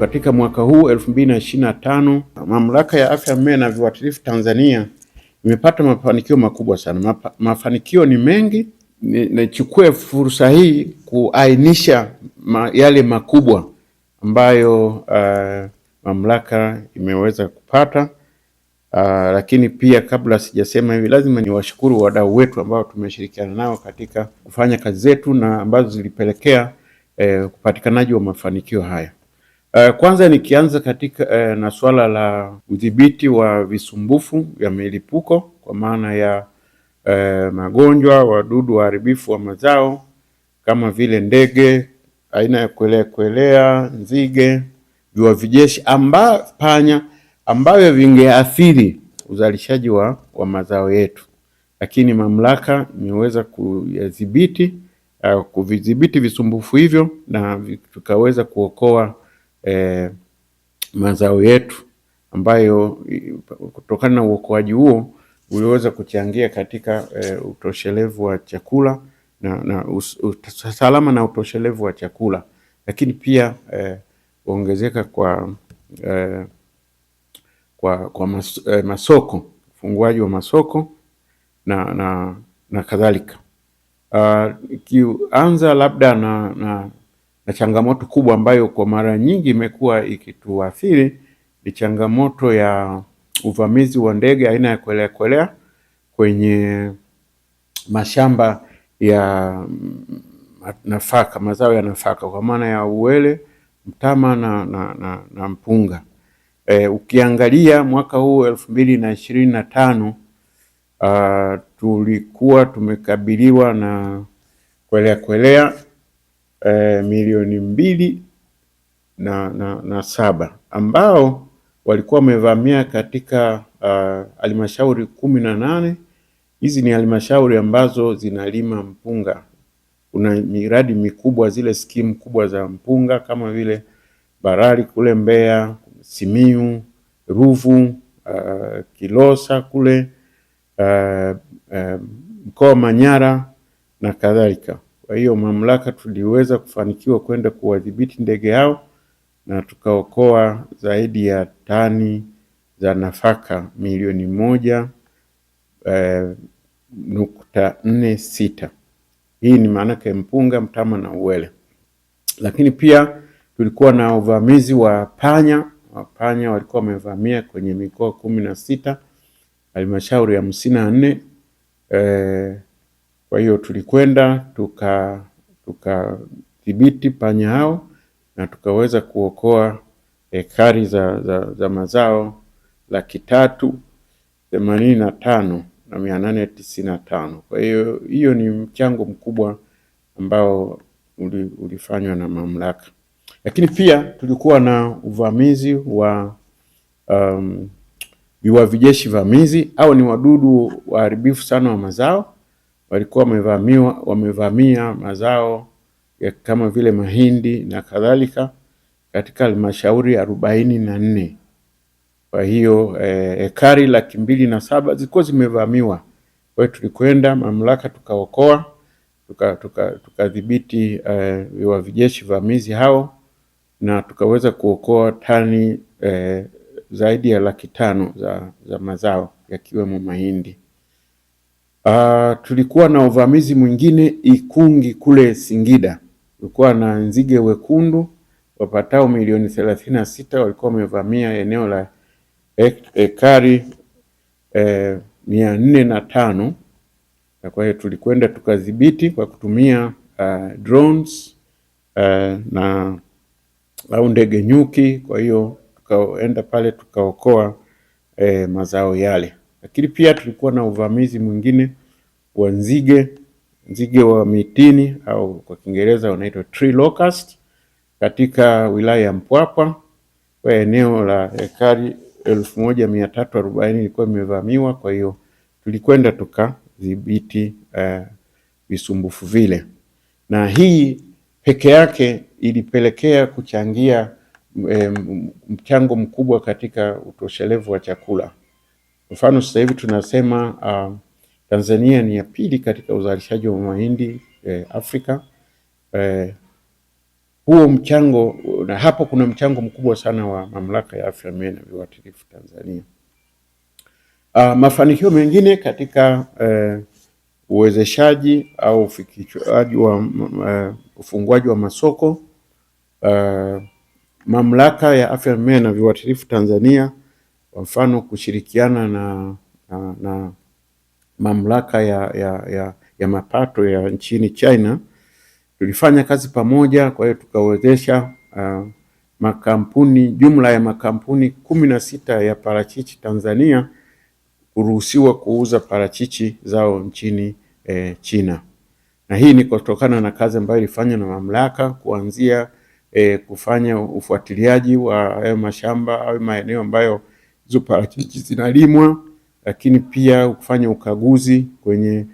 Katika mwaka huu 2025 Mamlaka ya Afya ya na Viuatilifu Tanzania imepata mafanikio makubwa sana. Mapa, mafanikio ni mengi. Nichukue fursa hii kuainisha ma, yale makubwa ambayo uh, mamlaka imeweza kupata. Uh, lakini pia kabla sijasema hivi, lazima niwashukuru wadau wetu ambao tumeshirikiana nao katika kufanya kazi zetu na ambazo zilipelekea eh, upatikanaji wa mafanikio haya. Uh, kwanza nikianza katika uh, na suala la udhibiti wa visumbufu vya milipuko kwa maana ya uh, magonjwa, wadudu waharibifu wa mazao kama vile ndege aina ya kuelea kuelea, nzige, jua vijeshi amba, panya ambavyo vingeathiri uzalishaji wa, wa mazao yetu, lakini mamlaka imeweza kuyadhibiti uh, kuvidhibiti visumbufu hivyo na tukaweza kuokoa eh, mazao yetu ambayo kutokana na uokoaji huo uliweza kuchangia katika eh, utoshelevu wa chakula na, na salama na utoshelevu wa chakula, lakini pia eh, ongezeka kwa eh, kwa, kwa mas, eh, masoko ufunguaji wa masoko na, na, na kadhalika. Uh, ah, ikianza labda na, na na changamoto kubwa ambayo kwa mara nyingi imekuwa ikituathiri ni changamoto ya uvamizi wa ndege aina ya kwelea kwelea kwenye mashamba ya nafaka, mazao ya nafaka kwa maana ya uwele, mtama na, na, na, na mpunga. E, ukiangalia mwaka huu elfu mbili na ishirini na tano uh, tulikuwa tumekabiliwa na kwelea kwelea e, milioni mbili na, na, na saba ambao walikuwa wamevamia katika ah, halmashauri uh, kumi na nane. Hizi ni halmashauri ambazo zinalima mpunga, kuna miradi mikubwa zile skimu kubwa za mpunga kama vile Barari kule Mbeya, Simiu, Ruvu, uh, Kilosa kule uh, uh, mkoa wa Manyara na kadhalika. Kwa hiyo mamlaka tuliweza kufanikiwa kwenda kuwadhibiti ndege hao na tukaokoa zaidi ya tani za nafaka milioni moja eh, nukta nne sita. Hii ni maanake mpunga, mtama na uwele. Lakini pia tulikuwa na uvamizi wa panya. Wapanya walikuwa wamevamia kwenye mikoa kumi na sita halmashauri hamsini na nne eh, kwa hiyo tulikwenda tukadhibiti panya hao na tukaweza kuokoa ekari eh, za, za, za mazao laki tatu themanini na tano na mia nane tisini na tano. Kwa hiyo hiyo ni mchango mkubwa ambao ulifanywa na mamlaka, lakini pia tulikuwa na uvamizi wa um, viwavijeshi vamizi au ni wadudu waharibifu sana wa mazao walikuwa wamevamiwa, wamevamia mazao ya kama vile mahindi na kadhalika katika halmashauri arobaini na nne. Kwa hiyo eh, ekari eh, laki mbili na saba zilikuwa zimevamiwa. Kwa hiyo tulikwenda mamlaka tukaokoa tukadhibiti tuka, tuka eh, wavijeshi vijeshi vamizi hao na tukaweza kuokoa tani eh, zaidi ya laki tano za, za mazao yakiwemo mahindi. Uh, tulikuwa na uvamizi mwingine Ikungi kule Singida, kulikuwa na nzige wekundu wapatao milioni thelathini na sita walikuwa wamevamia eneo la ekari e, mia nne na tano. Kwa hiyo tulikwenda tukadhibiti kwa kutumia uh, drones uh, na au ndege nyuki. Kwa hiyo tukaenda pale tukaokoa uh, mazao yale. Lakini pia tulikuwa na uvamizi mwingine wa nzige, nzige wa mitini au kwa Kiingereza wanaitwa tree locust katika wilaya ya Mpwapwa kwa eneo la hekari elfu moja mia tatu arobaini ilikuwa imevamiwa. Kwa hiyo tulikwenda tukadhibiti uh, visumbufu vile, na hii peke yake ilipelekea kuchangia eh, mchango mkubwa katika utoshelevu wa chakula. Mfano sasa hivi tunasema uh, Tanzania ni ya pili katika uzalishaji wa mahindi eh, Afrika eh, huo mchango na hapo kuna mchango mkubwa sana wa Mamlaka ya Afya Mimea na Viuatilifu Tanzania. Uh, mafanikio mengine katika eh, uwezeshaji au ufikishaji wa uh, ufunguaji wa masoko uh, Mamlaka ya Afya Mimea na Viuatilifu Tanzania kwa mfano kushirikiana na, na, na mamlaka ya, ya, ya, ya mapato ya nchini China tulifanya kazi pamoja. Kwa hiyo tukawezesha uh, makampuni jumla ya makampuni kumi na sita ya parachichi Tanzania kuruhusiwa kuuza parachichi zao nchini eh, China, na hii ni kutokana na kazi ambayo ilifanywa na mamlaka kuanzia eh, kufanya ufuatiliaji wa hayo mashamba au maeneo ambayo hizo parachichi zinalimwa, lakini pia kufanya ukaguzi kwenye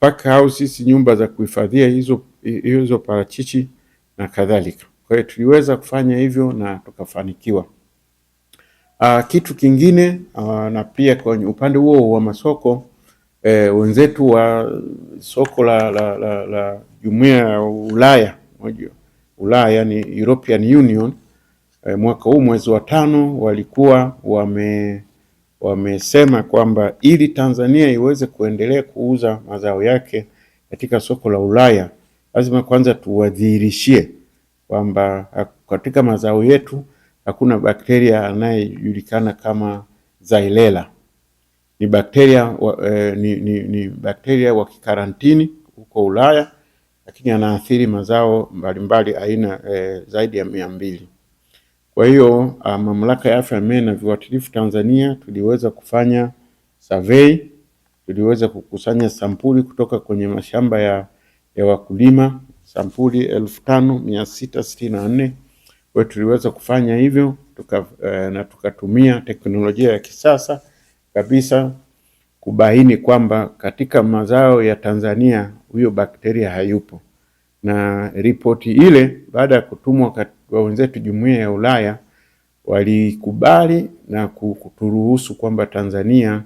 pack houses, nyumba za kuhifadhia hizo, hizo parachichi na kadhalika. Kwa hiyo tuliweza kufanya hivyo na tukafanikiwa. Aa, ah, kitu kingine aa, ah, na pia kwenye upande huo wa masoko e, wenzetu wa soko la, la, la, la Jumuiya ya Ulaya, Ulaya ni European Union e, mwaka huu mwezi wa tano walikuwa wame wamesema kwamba ili Tanzania iweze kuendelea kuuza mazao yake katika soko la Ulaya lazima kwanza tuwadhihirishie kwamba katika mazao yetu hakuna bakteria anayejulikana kama Zailela. Ni bakteria wa, eh, ni, ni, ni bakteria wa kikarantini huko Ulaya, lakini anaathiri mazao mbalimbali aina eh, zaidi ya mia mbili. Kwa hiyo uh, mamlaka ya afya ya meno na viuatilifu Tanzania tuliweza kufanya survey, tuliweza kukusanya sampuli kutoka kwenye mashamba ya, ya wakulima sampuli elfu tano mia sita sitini na nne kwa tuliweza kufanya hivyo tuka, uh, na tukatumia teknolojia ya kisasa kabisa kubaini kwamba katika mazao ya Tanzania huyo bakteria hayupo, na ripoti ile baada ya kutumwa wa wenzetu jumuiya ya Ulaya walikubali na kuturuhusu kwamba Tanzania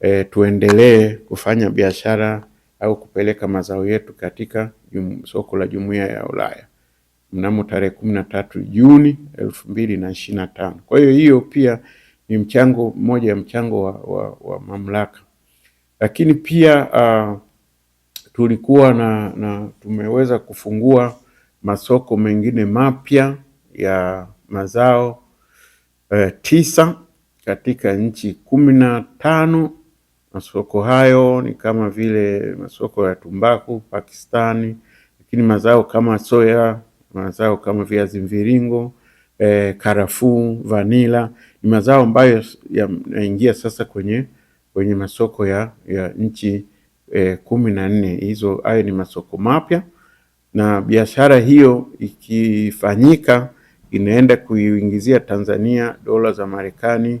e, tuendelee kufanya biashara au kupeleka mazao yetu katika soko la jumuiya ya Ulaya mnamo tarehe kumi na tatu Juni elfu mbili na ishirini na tano. Kwa hiyo hiyo pia ni mchango mmoja ya mchango wa, wa, wa mamlaka, lakini pia uh, tulikuwa na, na tumeweza kufungua masoko mengine mapya ya mazao eh, tisa katika nchi kumi na tano. Masoko hayo ni kama vile masoko ya tumbaku Pakistani, lakini mazao kama soya, mazao kama viazi mviringo eh, karafuu, vanila ni mazao ambayo yanaingia sasa kwenye kwenye masoko ya, ya nchi eh, kumi na nne hizo. Hayo ni masoko mapya na biashara hiyo ikifanyika inaenda kuiingizia Tanzania dola za Marekani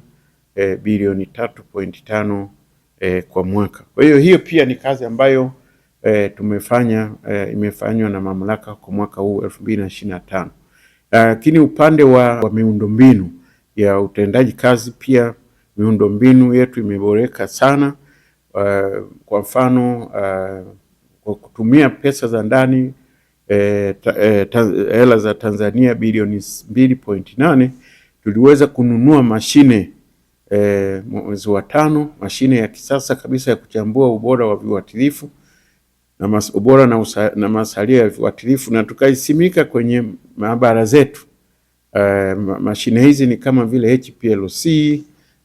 e, bilioni 3.5 e, eh, kwa mwaka. Kwa hiyo hiyo pia ni kazi ambayo e, tumefanya e, imefanywa na mamlaka kwa mwaka huu 2025. Ah, lakini upande wa, wa miundombinu ya utendaji kazi pia miundombinu yetu imeboreka sana. Uh, kwa mfano uh, kwa kutumia pesa za ndani eh, eh, hela za Tanzania bilioni 2.8 tuliweza kununua mashine eh, mwezi wa tano, mashine ya kisasa kabisa ya kuchambua ubora wa viuatilifu na mas, ubora na, usa, na masalia ya viuatilifu na tukaisimika kwenye maabara zetu. Eh, mashine hizi ni kama vile HPLC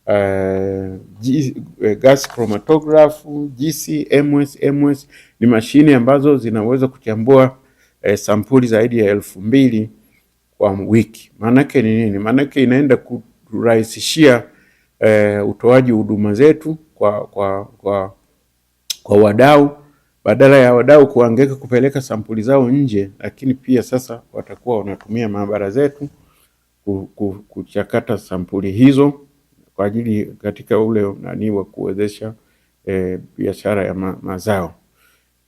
Uh, eh, G, uh, gas chromatograph GC, MS, MS ni mashine ambazo zinaweza kuchambua e, sampuli zaidi ya elfu mbili kwa wiki. Maanake ni nini? Maanake inaenda kurahisishia e, utoaji huduma zetu kwa, kwa, kwa, kwa wadau badala ya wadau kuangaika kupeleka sampuli zao nje, lakini pia sasa watakuwa wanatumia maabara zetu kuchakata sampuli hizo kwa ajili katika ule nani wa kuwezesha e, biashara ya ma, mazao.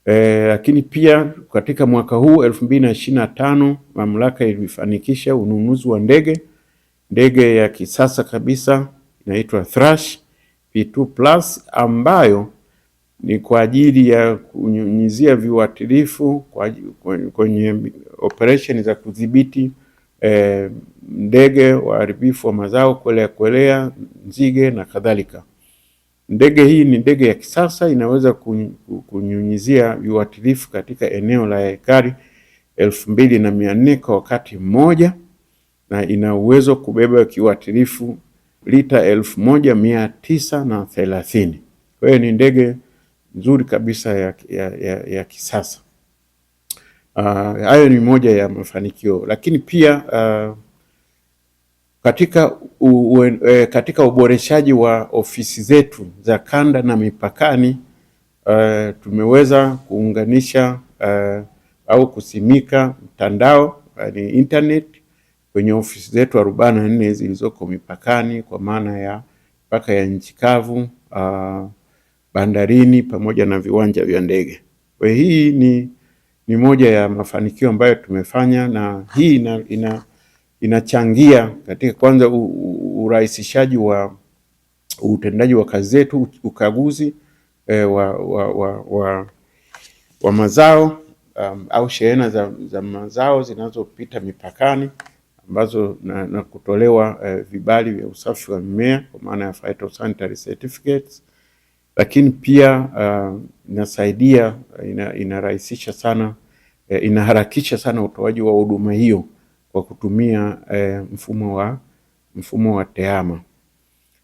E, lakini pia katika mwaka huu elfu mbili na na tano mamlaka ilifanikisha ununuzi wa ndege ndege ya kisasa kabisa inaitwa Thrush P2 Plus ambayo ni kwa ajili ya kunyunyizia viuatilifu kwenye operesheni za kudhibiti e, ndege waharibifu wa mazao, kwelea kwelea, nzige na kadhalika. Ndege hii ni ndege ya kisasa, inaweza kunyunyizia viuatilifu katika eneo la ekari elfu mbili na mia nne kwa wakati mmoja na ina uwezo kubeba kiuatilifu lita elfu moja mia tisa na thelathini. Kwa hiyo ni ndege nzuri kabisa ya, ya, ya, ya kisasa. Ah, hayo uh, ni moja ya mafanikio, lakini pia uh, katika, u, e, katika uboreshaji wa ofisi zetu za kanda na mipakani e, tumeweza kuunganisha e, au kusimika mtandao yani internet kwenye ofisi zetu arobaini na nne zilizoko mipakani kwa maana ya mpaka ya nchi kavu bandarini pamoja na viwanja vya ndege. Hii ni, ni moja ya mafanikio ambayo tumefanya na hii ina, ina inachangia katika kwanza urahisishaji wa utendaji wa kazi zetu, ukaguzi e, wa, wa, wa, wa, wa mazao um, au shehena za, za mazao zinazopita mipakani ambazo na, na kutolewa e, vibali vya usafi wa mimea kwa maana ya phytosanitary certificates, lakini pia uh, inasaidia inarahisisha sana eh, inaharakisha sana utoaji wa huduma hiyo kwa kutumia eh, mfumo wa mfumo wa tehama,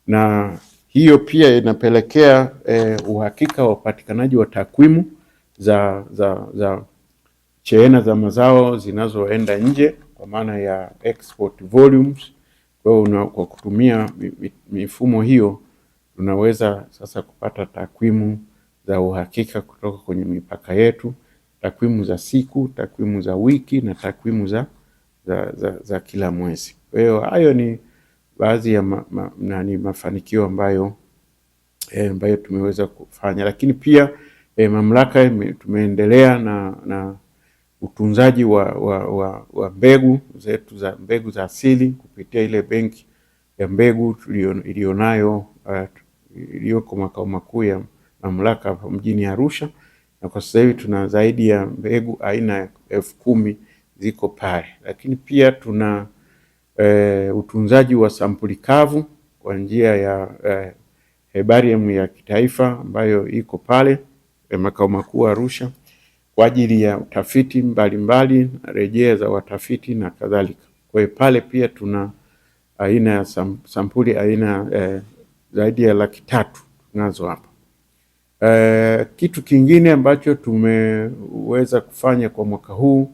na hiyo pia inapelekea eh, uhakika wa upatikanaji wa takwimu za, za, za cheena za mazao zinazoenda nje kwa maana ya export volumes. Kwa hiyo kwa kutumia mifumo hiyo tunaweza sasa kupata takwimu za uhakika kutoka kwenye mipaka yetu, takwimu za siku, takwimu za wiki na takwimu za za, za, za kila mwezi. Kwa hiyo hayo ni baadhi ya ma, ma, nani mafanikio ambayo eh, ambayo tumeweza kufanya, lakini pia eh, mamlaka tumeendelea na, na utunzaji wa, wa, wa, wa mbegu zetu za mbegu za asili kupitia ile benki ya mbegu iliyonayo uh, iliyoko makao makuu ya mamlaka mjini Arusha, na kwa sasa hivi tuna zaidi ya mbegu aina ya elfu kumi ziko pale, lakini pia tuna e, utunzaji wa sampuli kavu kwa njia ya e, eh, hebarium ya kitaifa ambayo iko pale e, makao makuu Arusha kwa ajili ya utafiti mbalimbali na rejea za watafiti na kadhalika. Kwa hiyo pale pia tuna aina ya sam, sampuli aina e, zaidi ya laki tatu tunazo hapa. Uh, kitu kingine ambacho tumeweza kufanya kwa mwaka huu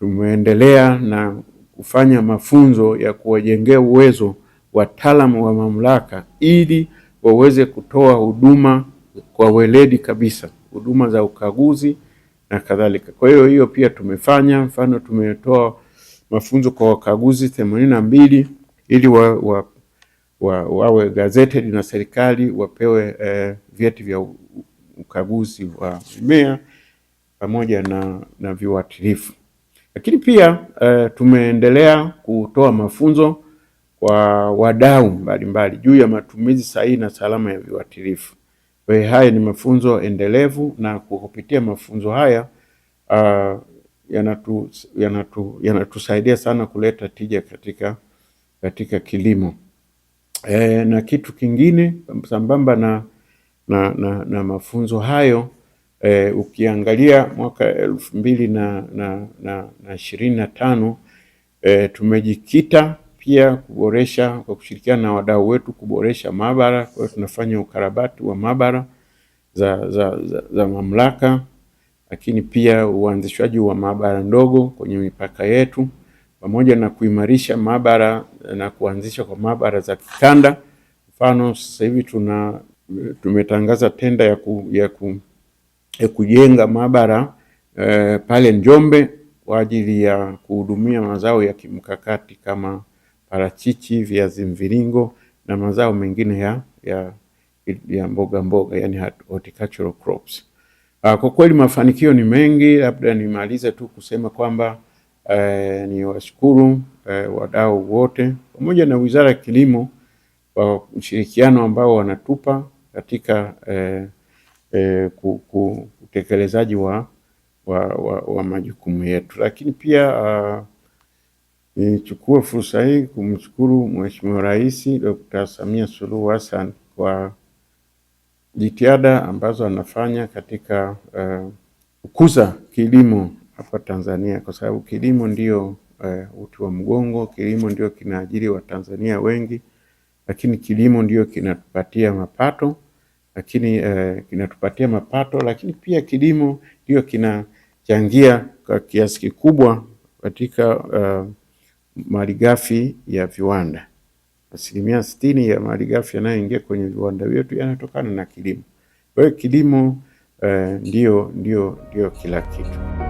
tumeendelea na kufanya mafunzo ya kuwajengea uwezo wataalamu wa mamlaka ili waweze kutoa huduma kwa weledi kabisa, huduma za ukaguzi na kadhalika. Kwa hiyo hiyo pia tumefanya mfano, tumetoa mafunzo kwa wakaguzi themanini na mbili ili wa, wa, wa, wawe gazeted na serikali wapewe eh, vyeti vya ukaguzi wa mimea pamoja na, na viuatilifu. Lakini pia e, tumeendelea kutoa mafunzo kwa wadau mbalimbali juu ya matumizi sahihi na salama ya viuatilifu. Kwa hiyo haya ni mafunzo endelevu, na kupitia mafunzo haya uh, yanatu, yanatu, yanatusaidia sana kuleta tija katika, katika kilimo e, na kitu kingine sambamba na, na, na, na mafunzo hayo E, ukiangalia mwaka elfu mbili na, na, na, na ishirini na tano e, tumejikita pia kuboresha kwa kushirikiana na wadau wetu kuboresha maabara. Kwa hiyo tunafanya ukarabati wa maabara za, za, za, za mamlaka, lakini pia uanzishwaji wa maabara ndogo kwenye mipaka yetu pamoja na kuimarisha maabara na kuanzisha kwa maabara za kikanda. Mfano, sasa hivi tuna tumetangaza tenda ya, ku, ya ku, e, kujenga maabara e, pale Njombe kwa ajili ya kuhudumia mazao ya kimkakati kama parachichi, viazi mviringo na mazao mengine ya, ya, ya mboga mboga, yani horticultural crops. Ah, kwa kweli mafanikio ni mengi, labda nimalize tu kusema kwamba eh, ni washukuru eh, wadau wote pamoja na Wizara ya Kilimo kwa ushirikiano ambao wanatupa katika eh, eh, utekelezaji wa, wa, wa, wa majukumu yetu. Lakini pia uh, nichukue fursa hii kumshukuru Mheshimiwa Rais Dr. Samia Suluhu Hassan kwa jitihada ambazo anafanya katika uh, kukuza kilimo hapa Tanzania kwa sababu kilimo ndio uh, uti wa mgongo, kilimo ndio kinaajiri Watanzania wengi, lakini kilimo ndio kinatupatia mapato lakini eh, kinatupatia mapato, lakini pia kilimo ndio kinachangia kwa kiasi kikubwa katika uh, malighafi ya viwanda. Asilimia sitini ya malighafi yanayoingia kwenye viwanda vyetu yanatokana na kilimo. Kwa hiyo kilimo uh, ndio ndio ndio kila kitu.